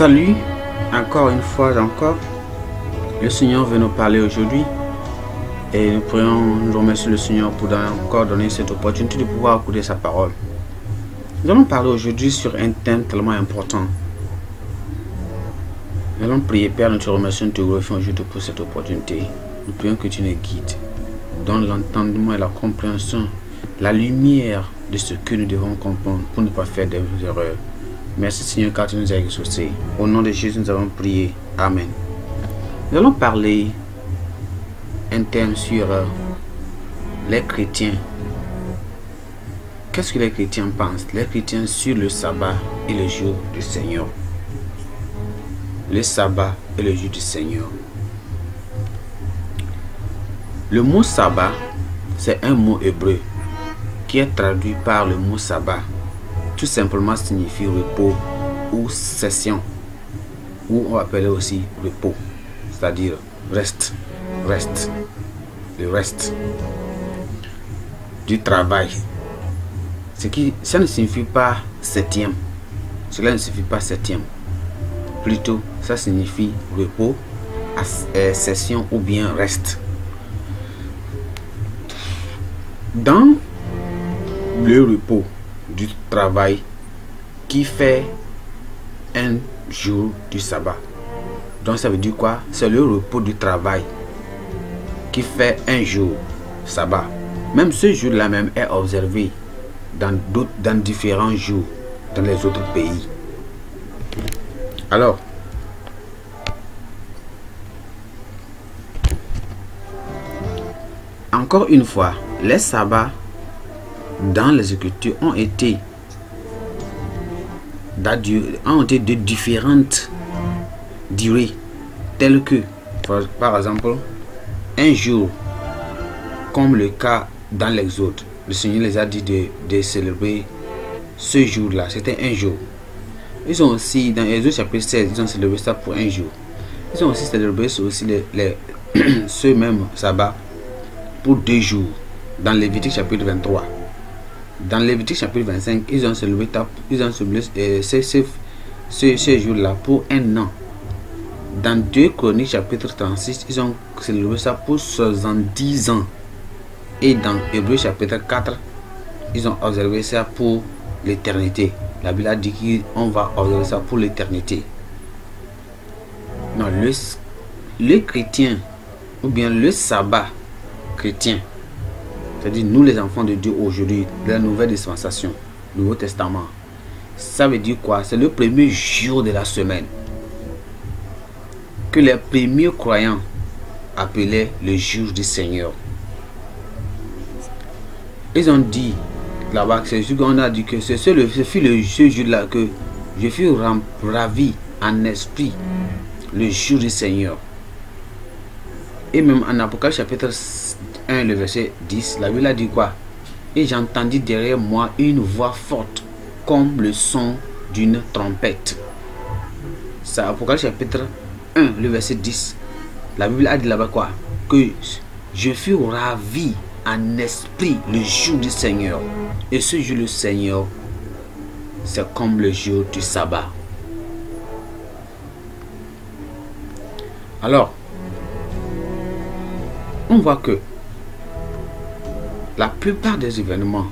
salut encore une fois encore. Le Seigneur veut nous parler aujourd'hui et nous prions, nous remercions le Seigneur pour encore donner cette opportunité de pouvoir écouter sa parole. Nous allons parler aujourd'hui sur un thème tellement important. Nous allons prier, Père, nous te remercions, nous te aujourd'hui pour cette opportunité. Nous prions que tu nous guides, donne l'entendement et la compréhension, la lumière de ce que nous devons comprendre pour ne pas faire des erreurs. Merci Seigneur car tu nous as exaucés. Au nom de Jésus, nous avons prié. Amen. Nous allons parler un thème sur euh, les chrétiens. Qu'est-ce que les chrétiens pensent Les chrétiens sur le sabbat et le jour du Seigneur. Le sabbat et le jour du Seigneur. Le mot sabbat, c'est un mot hébreu qui est traduit par le mot sabbat tout simplement signifie repos ou session, ou on appeler aussi repos, c'est-à-dire reste, reste, le reste du travail. Ce qui, ça ne signifie pas septième, cela ne signifie pas septième, plutôt ça signifie repos, euh, session ou bien reste. Dans le repos, du travail qui fait un jour du sabbat. Donc ça veut dire quoi C'est le repos du travail qui fait un jour sabbat. Même ce jour-là même est observé dans, dans différents jours dans les autres pays. Alors, encore une fois, les sabbats dans les Écritures ont été, ont de différentes durées, telles que, par exemple, un jour, comme le cas dans l'Exode, le Seigneur les a dit de, de célébrer ce jour-là. C'était un jour. Ils ont aussi, dans l'exode chapitre 16, ils ont célébré ça pour un jour. Ils ont aussi célébré aussi les, ce même sabbat pour deux jours dans Lévitique chapitre 23 dans Lévitique chapitre 25, ils ont célébré, ils euh, ce, ce, ce, jour-là pour un an. Dans 2 Chroniques chapitre 36, ils ont célébré ça pour 70 ans. Et dans Hébreu chapitre 4, ils ont observé ça pour l'éternité. La Bible a dit qu'on va observer ça pour l'éternité. Non, le, le chrétien, ou bien le sabbat chrétien, c'est-à-dire, nous les enfants de Dieu aujourd'hui, la nouvelle dispensation, Nouveau Testament. Ça veut dire quoi C'est le premier jour de la semaine que les premiers croyants appelaient le jour du Seigneur. Ils ont dit là-bas, c'est ce qu'on a dit que ce, ce, ce fut le, jour-là que je fus ravi en esprit le jour du Seigneur. Et même en Apocalypse chapitre 6 le verset 10, la Bible a dit quoi Et j'entendis derrière moi une voix forte, comme le son d'une trompette. ça Apocalypse chapitre 1, le verset 10. La Bible a dit là-bas quoi Que je fus ravi en esprit le jour du Seigneur. Et ce jour, le Seigneur, c'est comme le jour du sabbat. Alors, on voit que la plupart des événements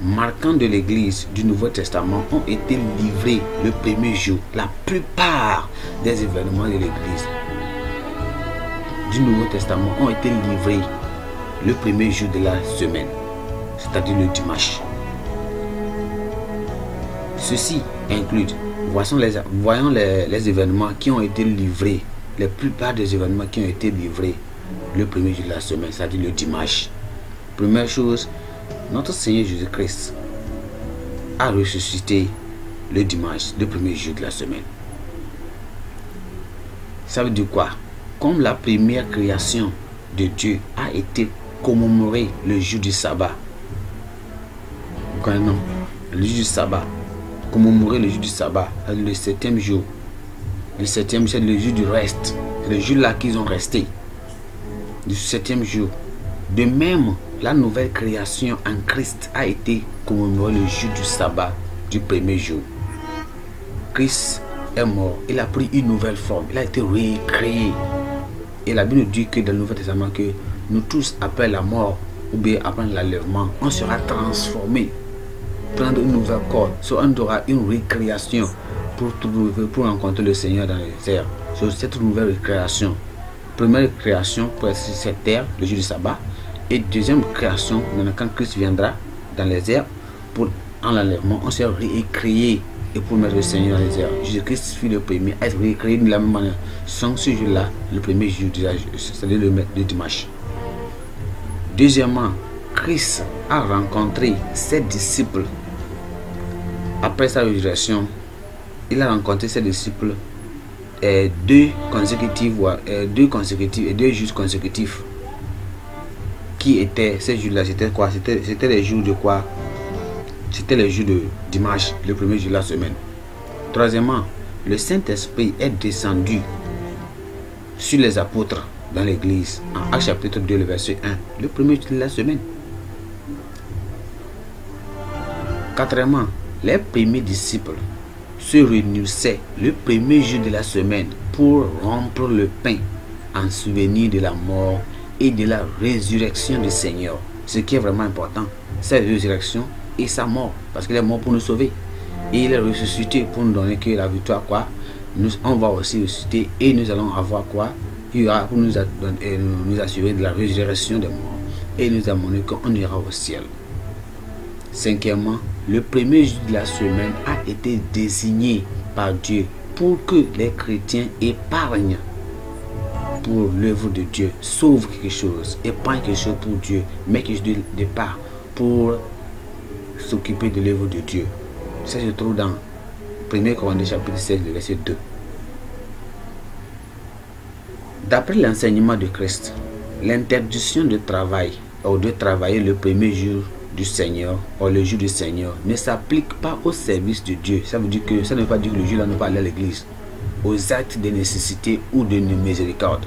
marquants de l'Église du Nouveau Testament ont été livrés le premier jour. La plupart des événements de l'Église du Nouveau Testament ont été livrés le premier jour de la semaine, c'est-à-dire le dimanche. Ceci inclut, voyons les, voyons les, événements qui ont été livrés, la plupart des événements qui ont été livrés le premier jour de la semaine, c'est-à-dire le dimanche. Première chose, notre Seigneur Jésus-Christ a ressuscité le dimanche, le premier jour de la semaine. Ça veut dire quoi Comme la première création de Dieu a été commémorée le jour du sabbat. non, le jour du sabbat, commémorer le jour du sabbat, le septième jour. Le septième, c'est le jour du reste. le jour là qu'ils ont resté. Le septième jour, de même, la nouvelle création en Christ a été commémorée le jour du sabbat du premier jour. Christ est mort, il a pris une nouvelle forme, il a été recréé. Et la Bible dit que dans le Nouveau Testament que nous tous, après la mort ou bien après l'enlèvement, on sera transformé, prendre une nouvelle corps. soit on aura une récréation pour, pour rencontrer le Seigneur dans les airs. Sur cette nouvelle création, première création pour cette terre, le jour du sabbat et deuxième création, quand Christ viendra dans les airs pour en l'enlèvement, on sera récréé et pour mettre le Seigneur dans les airs. Jésus-Christ fut le premier à être ré-créé de la même manière, sans ce jour-là, le premier jour, c'est-à-dire le, dimanche. Deuxièmement, Christ a rencontré ses disciples. Après sa résurrection, il a rencontré ses disciples deux consécutifs, et deux consécutifs et deux juges consécutifs qui était ces jours-là, c'était quoi C'était les jours de quoi C'était les jours de dimanche, le premier jour de la semaine. Troisièmement, le Saint-Esprit est descendu sur les apôtres dans l'église en Acte chapitre 2, le verset 1, le premier jour de la semaine. Quatrièmement, les premiers disciples se réunissaient le premier jour de la semaine pour rompre le pain en souvenir de la mort et de la résurrection du Seigneur. Ce qui est vraiment important, sa résurrection et sa mort, parce qu'il est mort pour nous sauver. Et il est ressuscité pour nous donner que la victoire, quoi nous, On va aussi ressusciter et nous allons avoir quoi Il y aura pour nous, euh, nous assurer de la résurrection des morts et nous amener qu'on ira au ciel. Cinquièmement, le premier jour de la semaine a été désigné par Dieu pour que les chrétiens épargnent pour l'œuvre de Dieu. Sauve quelque chose, et pas quelque chose pour Dieu, mais quelque chose de, départ pour s'occuper de l'œuvre de Dieu. Ça se trouve dans 1 Corinthiens chapitre 16, verset 2. D'après l'enseignement de Christ, l'interdiction de travail ou de travailler le premier jour du Seigneur ou le jour du Seigneur ne s'applique pas au service de Dieu. Ça veut dire que ça ne veut pas dire que le jour là ne pas aller à l'église aux actes de nécessité ou de miséricorde.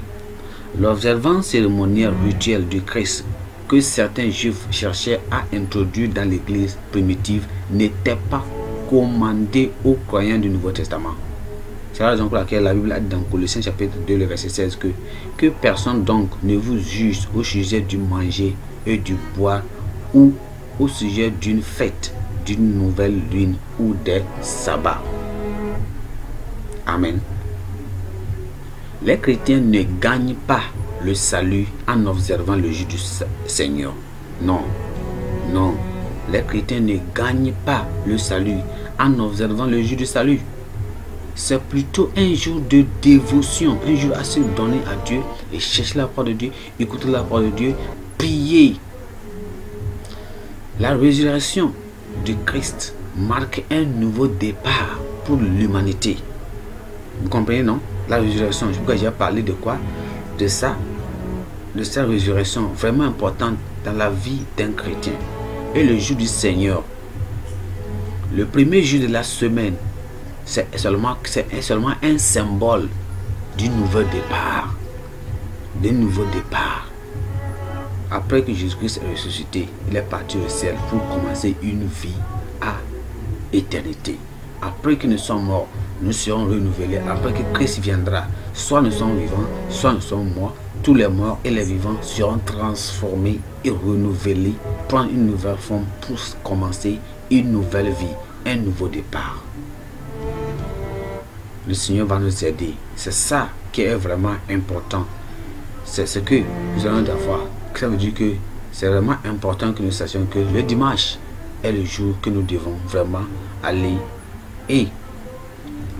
L'observance cérémonielle rituelle du Christ que certains juifs cherchaient à introduire dans l'église primitive n'était pas commandée aux croyants du Nouveau Testament. C'est la raison pour laquelle la Bible a dit dans Colossiens chapitre 2, le verset 16 que, que personne donc ne vous juge au sujet du manger et du boire ou au sujet d'une fête, d'une nouvelle lune ou des sabbats. Amen. Les chrétiens ne gagnent pas le salut en observant le jeu du Seigneur. Non, non. Les chrétiens ne gagnent pas le salut en observant le jour du salut. C'est plutôt un jour de dévotion, un jour à se donner à Dieu et chercher la parole de Dieu, écouter la parole de Dieu, prier. La résurrection du Christ marque un nouveau départ pour l'humanité. Vous comprenez, non La résurrection. je ai déjà parlé de quoi De ça. De cette résurrection vraiment importante dans la vie d'un chrétien. Et le jour du Seigneur. Le premier jour de la semaine, c'est seulement, seulement un symbole du nouveau départ. D'un nouveau départ. Après que Jésus-Christ est ressuscité, il est parti au ciel pour commencer une vie à éternité. Après que nous sommes morts, nous serons renouvelés après que Christ viendra. Soit nous sommes vivants, soit nous sommes morts. Tous les morts et les vivants seront transformés et renouvelés, prendre une nouvelle forme pour commencer une nouvelle vie, un nouveau départ. Le Seigneur va nous aider. C'est ça qui est vraiment important. C'est ce que nous allons avoir. Ça veut dire que c'est vraiment important que nous sachions que le dimanche est le jour que nous devons vraiment aller et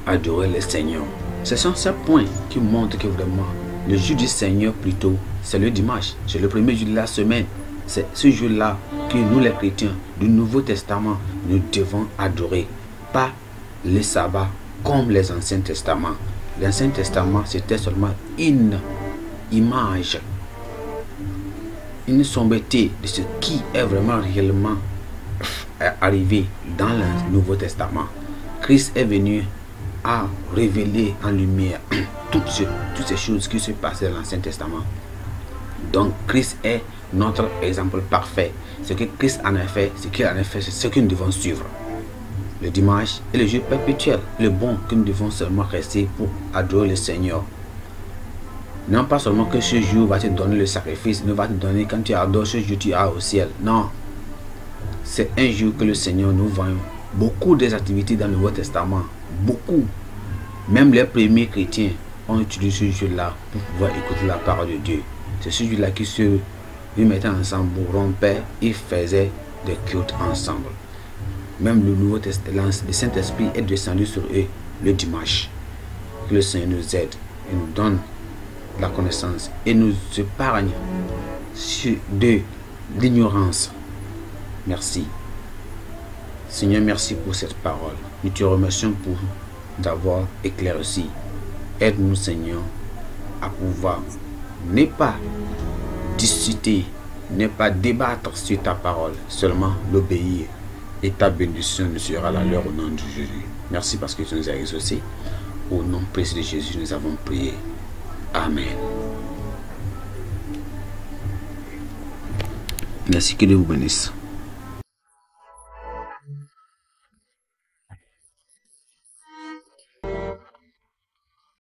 adorer le Seigneur. Ce sont ces points qui montrent que vraiment, le jour du Seigneur plutôt, c'est le dimanche, c'est le premier jour de la semaine. C'est ce jour-là que nous les chrétiens du Nouveau Testament, nous devons adorer. Pas le sabbat comme les Anciens Testaments. L'Ancien Testament, c'était seulement une image, une sombreté de ce qui est vraiment réellement euh, arrivé dans le Nouveau Testament. Christ est venu a révélé en lumière toutes ces, choses qui se passaient dans l'Ancien Testament. Donc Christ est notre exemple parfait. Ce que Christ en a fait, ce qu'il en a fait, c'est ce que nous devons suivre. Le dimanche est le jour perpétuel, le bon que nous devons seulement rester pour adorer le Seigneur. Non pas seulement que ce jour va te donner le sacrifice, ne va te donner quand tu adores ce jour, tu as au ciel. Non. C'est un jour que le Seigneur nous vend beaucoup des activités dans le Nouveau Testament beaucoup, même les premiers chrétiens, ont utilisé ce jeu-là pour pouvoir écouter la parole de Dieu. C'est celui là qui se mettait ensemble, rompaient et faisait des cultes ensemble. Même le Nouveau Testament, le Saint-Esprit est descendu sur eux le dimanche. Que le Seigneur nous aide et nous donne la connaissance et nous épargne de l'ignorance. Merci. Seigneur, merci pour cette parole. Nous te remercions pour d'avoir éclairci. Aide-nous, Seigneur, à pouvoir ne pas discuter, ne pas débattre sur ta parole, seulement l'obéir. Et ta bénédiction nous sera la leur au nom de Jésus. Merci parce que tu nous as exaucés. Au nom précieux de Jésus, nous avons prié. Amen. Merci que Dieu vous bénisse.